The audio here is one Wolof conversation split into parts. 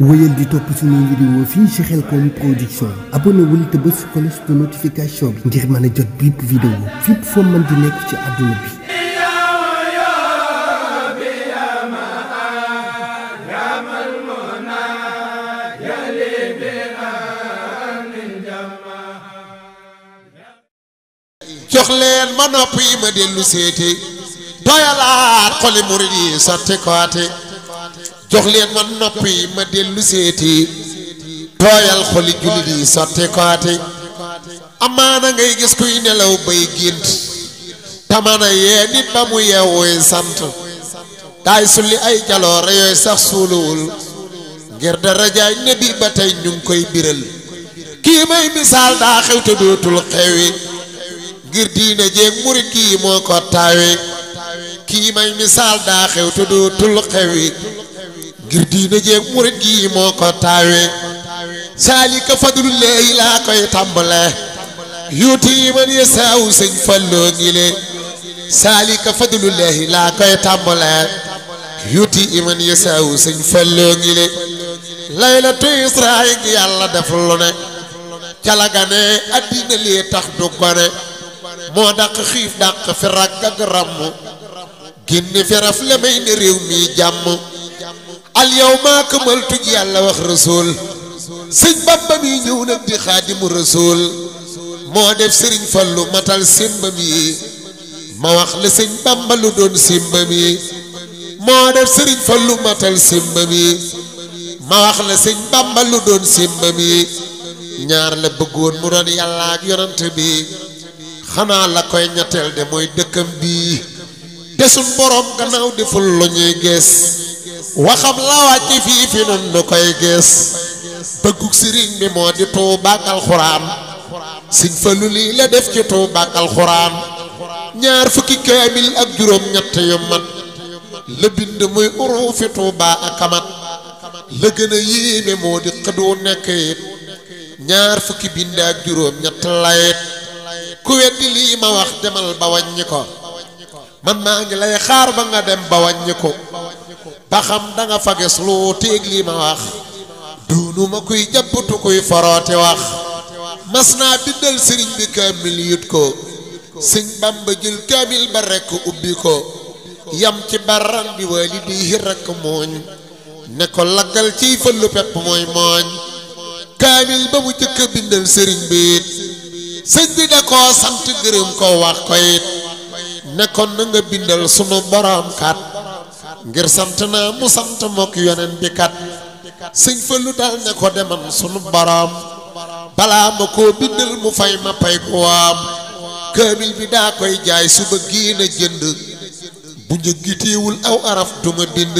wëyal di topp suñuy vidéo fii ci Khelcom production abonné wul te bés cloche de notification bi ngir mën a jot bépp vidéo fépp foo mën di nekk ci àdduna bi jox leen ma nopp yi ma dellu seete doyalaat xoli murid yi sotti jox leen ma noppi ma dellu tooyal xoli jullit yi sotti kooti amaana ngay gis kuy nelaw bay gént tamana yee nit ba mu yeewuy sant daay sulli ay jaloore yooyu sax suuluwul ngir darajaay nebi ba tey ñu ngi koy biral kii may misaal daa xew te dootul xewi ngir diina jéeg murit kii moo ko taawi kii may misaal daa xew te dootul xewi ngir diine jeeg murit gi moo ko taawee saalika fadlullahi laa koy tàmbale yuuti man yasaawu sëñ falloo ngi le saalika fadlullahi laa koy tàmbale yuuti man yasaawu sëñ falloo ngi le laylatu israa yàlla def lu ne calagane addina lii tax du gone moo dàq xiif dàq fi ragg ak ràmm génn fi raf la may ne réew jàmm al yawma akmaltu ji yàlla wax rasul sëñ bamba mi ñëw nag di xaadimu rasul moo def sëriñ fallu matal simba mi ma wax la sëñ bamba lu doon simba mi moo def sëriñ fallu matal simba ma wax la sëñ bamba lu doon simba mi ñaar la bëggoon mu doon yàlla ak bi xanaa la koy ñetteel de mooy dëkkam bii desul boroom gannaaw deful lu ñuy gees waxam la wàcc fii fi nun nu koy gis bëggug sëriñ bi moo di tuubaak alxuraan siñ lii la def ci tuubaak alxuraan ñaar fukki kaamil ak juróom ñett yu la bind muy uruufi tuubaa ak amat la gën a yéeme moo di xëdu nekk it ñaar fukki bind ak juróom ñett layit ku weddi lii ma wax demal ba wàññi ko man maa ngi lay xaar ba nga dem ba wàññi ba xam da nga fages lu téeg lii ma wax duunu kuy jàppatu kuy foroote wax mas naa bindal sëriñ bi kaamil yut ko sëñ bamba jël kaamil ba rekk ubbi ko yam ci baran bi waalidihi mooñ ne ko laggal ciy fëllu pepp mooy mooñ kaamil ba mu jëkk a bindal sëriñ bi sëñ bi da koo sant gërëm ko wax ko ne ko na bindal sunu boroom ngir sant naa mu sant mokk yonent bi kat sëñ Fallu dal ne ko deman sunu boroom balaa ma koo bindal mu fay ma ku waam kaamil bi daa koy jaay suba génn jënd bu njëg gi aw araf duma dind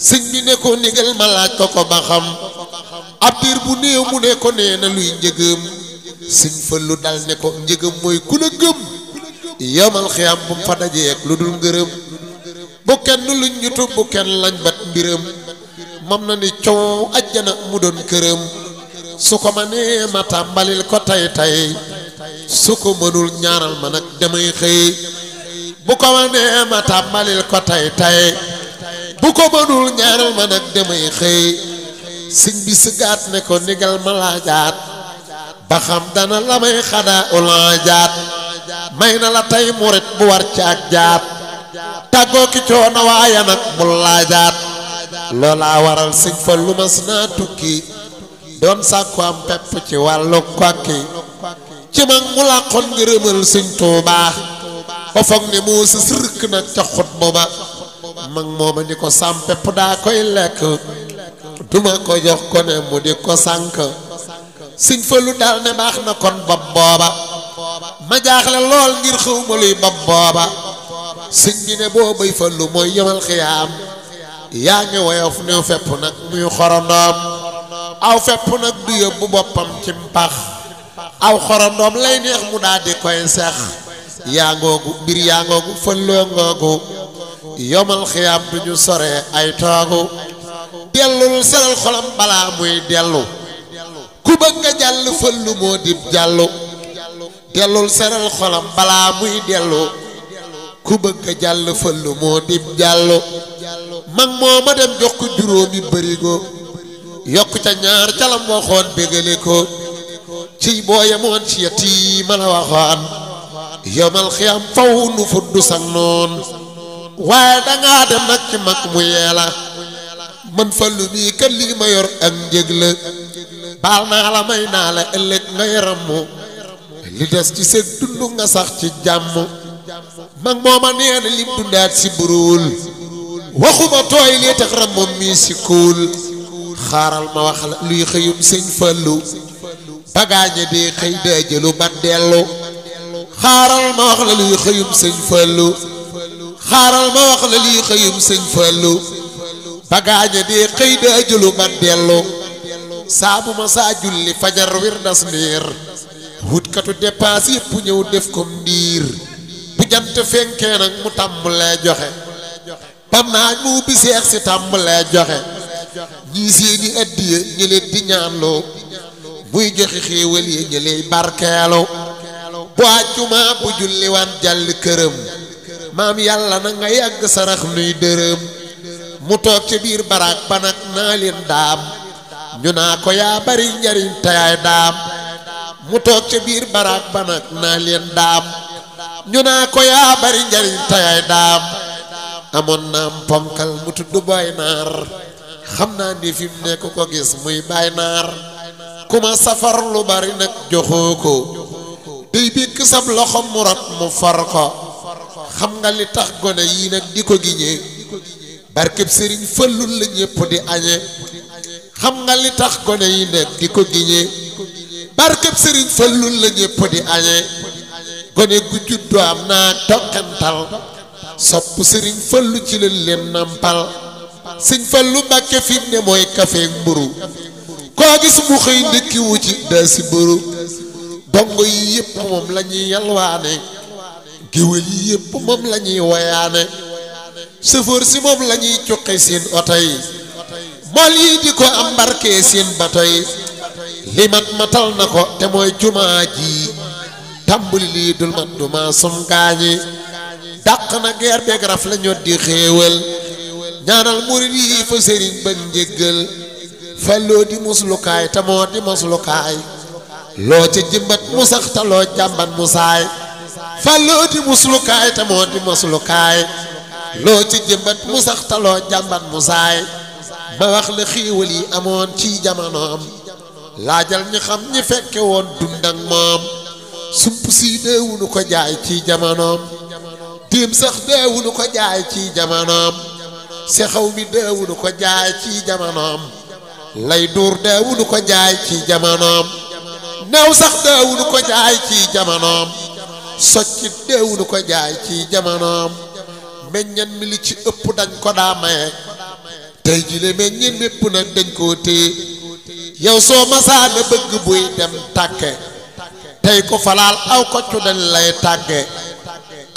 sëñ bi ne ko ndigal ma ko ba xam ab diir bu néew mu ne ko nee luy njëgëm sëñ Fallu dal ne ko njëgëm mooy ku la gëm yomal xiyam bu mu fa dajeek lu dul ngërëm bu kenn luñ ñu tub bu kenn lañ bat mbiram ko ma nee ma tàmbalil ko tay mënul ñaaral ma nag damay xëy bu bi sëggaat ne ko nigal ma laajaat ba xam dana la may xadaa ulaajaat may na la tey murit bu war ci ak jaat tàggoo ki coono waaye nag mu laajaat loolaa waral sëñ Fallu mas naa tukki doon sàkku pepp ci wàllu kokki ci mag mu làqoon ngërëmal sëñ Tuubaa ba foog ne moo sës rëkk nag ca xut bu ba mooma ni ko sam pepp daa koy lekk duma ko jox ko ne mu di ko sànk sëñ Fallu daal ne baax na kon bopp booba ma jaaxle lool ngir xawma luy bopp booba sëñ bi ne boo bay fallu mooy yemal xiyaam yaa ngi woyof new fepp nag muy xorondoom aw fepp nag du yóbbu boppam ci mpax aw xorondoom lay neex mu daal di koy sex yaa ngoogu mbir yaa ngoogu fëlloo ngoogu yomal xiyaam du sore ay toogu dellul seral xolam balaa muy dellu ku bëgg jàll fëllu moo dib jàllu dellul seral xolam balaa muy dellu ku bëgg jàll fëllu moo dim jàllu mag moo ma dem jox ko juróomi bërigo yokk ca ñaar calam waxoon bégale ko ciy boo yemoon ci yati ma la waxaan yomal xiyam nu fuddu sang noon waaye dangaa dem nag ci mag mu yeela man fëllu mii kat lii ma yor ak njëg la baal naa la may naa la ëllëg nga yaram mu li des ci sëg dund nga sax ci jàmm mag mooma nee na lim dundaat si buruwul waxuma tooy lii tax ram moom mii xaaral ma wax la luy xëyum sëñ Fallu bagaañe dee xëy dëjëlu man dellu saa julli fajar wir das wutkatu dépense yëpp ñëw def kom ndiir jant fenkee nag mu tàmbalee joxe pam naaj mu ubbi seex si tàmbalee joxe ñii seeni addiya ñi leen di ñaanloo muy joxe xéewal yi ñi lay barkeelu bu àjjuma bu julliwaan jàll këram maam yàlla na nga yàgg sarax nuy dërëm mu toog ci biir baraak ba nag naa leen daam ñu naa ko yaa bari njariñ te daam mu toog ci biir baraak ba nag naa leen daam ñu naa ko yaa bari njariñ tayay daam amoon naam ponkal mu tudd boy naar xam naa ni fi mu nekk ko gis muy bay naar ku ma safar lu bari nag joxoo ko day bikk sab loxo mu rot mu far ko xam nga li tax gone yii nag di ko giñee barkeb sëriñ fëllul la ñépp di añe xam nga li tax gone yi nag di ko giñee barkeb sëriñ fëllul la ñépp di añe gone gu juddu am naa toqantal sopp sëriñ fallu ci leen leen nampal sëñ fallu mbàkke fi ne mooy kafee mburu koo gis mu xëy ndëkki ci daa mburu dongo yi yëpp moom la ñuy yalwaane géwél yi yëpp moom la ñuy woyaane sëfoor si moom la ñuy cuqe oto yi mool yi di ko embarqué seen bato yi limat matal na ko te mooy jumaa ji tàmbali lii dul man du maa som gaañi dàq na geer beeg raf di xéewal ñaanal murid yi fa sëriñ ba njëggal falloo di muslukaay te moo di muslukaay loo ca jëmbat mu sax te loo mu saay falloo di muslukaay te di muslukaay loo ca jëmbat mu sax te loo jàmbat mu saay ma wax la xéewal yi amoon ci jamonoom laajal ñi xam ñi fekke woon dund ak moom sump si deewunu ko jaay ci jamonoom diim sax deewunu ko jaay ci jamonoom sexaw mi deewunu ko jaay ci jamonoom lay duur du ko jaay ci jamonoom neew sax deewunu ko jaay ci jamonoom soccit deewunu ko jaay ci jamonoom meññan mi li ci ëpp dañ ko daa maye tey jile meññan mépp nag dañ koo téye yow soo masaana bëgg buy dem tàkke tey ko falaal aw ko cudañ lay tàgge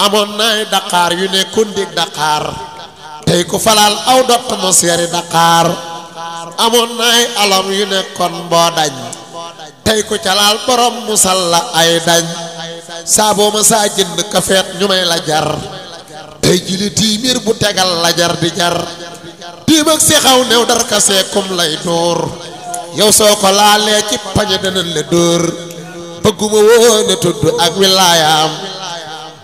amoon naay daqaar yu ne kundig daqaar tey ko falaal aw dott mo seeri daqaar amoon naay alam yu ne kon boo dañ tey ko calaal borom musalla ay dañ saaboo ma saa jënd kafeet ñu may la jar tey jili tiimir bu tegal la jar di jar tiim ak seexaw new darka lay dóor yow soo ko laalee ci pañe danañ la dóor bëgguma woon a tudd ak wilaayaam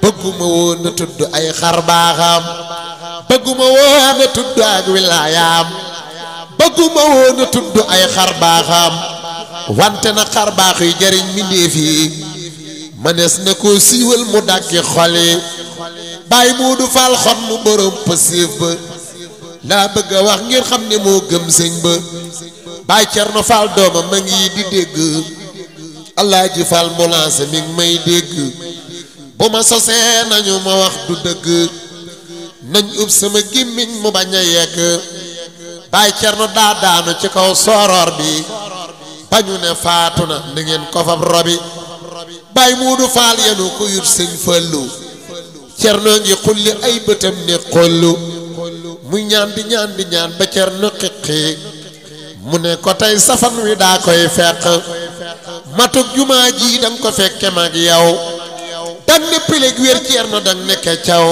bëgguma woon a tudd ay xarbaaxam bëgguma woon tudd ak wilaayaam bëgguma woon tudd ay xarbaaxam wante na xarbaax yu jëriñ mbindéef yi mënees na koo siiwal mu dàggi xol yi bàyyi mu du fal xon mu borom pësiif ba laa bëgg a wax ngir xam ne moo gëm sëñ ba bàyyi Cerno Faal doomam ma ngi di dégg alaaji fal mbulaanse mi may dégg bu ma sosee nañu ma wax du dëgg nañ ub sama gémmiñ mu bañ a yegg baay cerno daa daanu ci kaw sooroor bi bañu ne faatu na ni ngeen ko fab robi baay muudu faal yenu ko yut sëñ fëllu cernoo ngi xulli ay bëtam ne xollu mu ñaan di ñaan di ñaan ba cerno xiqi mu ne ko tey safan wi daa koy feq matuk jumaa ji danga ko fekke mag yow dang ne pëlëg wér ceerno dang nekke caw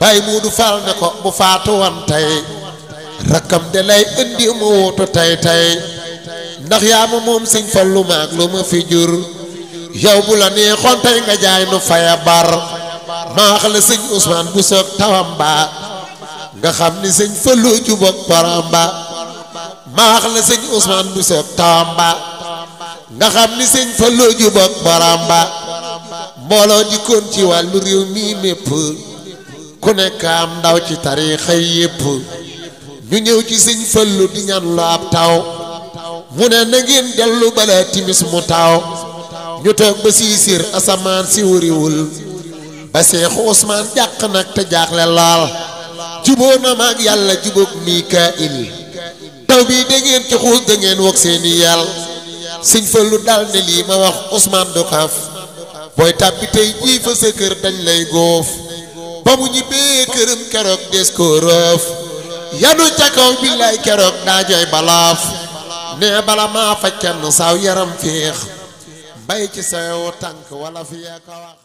bay muudu faal ne ko bu faatu woon tey rakkam de lay indi mu wuutu tey tey ndax yaa ma moom sëñ fallu lu ma fi jur yow bu la neexoon tey nga jaay nu faya bar maax la sëñ Ousmane bu soog tawam nga xam ni sëñ fallu jubog borom maax la sëñ Ousmane bu soog tawam nga xam ni sëñ Fallu jub ak borom mbooloo jikkoon ci wàllu réew mii mépp ku nekk am ndaw ci tariixa yépp ñu ñëw ci sëñ Fallu di ñaan lu ab taw mu ne na dellu bala timis mu taw ñu toog ba siisir asamaan si wuriwul ba seexu Usmaan jàq nag te jaaxle lool juboo na maag yàlla jubóog Mikaayil taw bi da ngeen ci xuus da ngeen seeni yàlla sëñ Fallu dal ne lii ma wax Ousmane du xaaf booy tàbbi tey sa kër dañ lay góof ba mu ñibbee këram keroog des ko yanu ca kaw billaay keroog daa jooy balaaf nee bala maa fa kenn saaw yaram féex mbay ci saw tànk wala fi yaa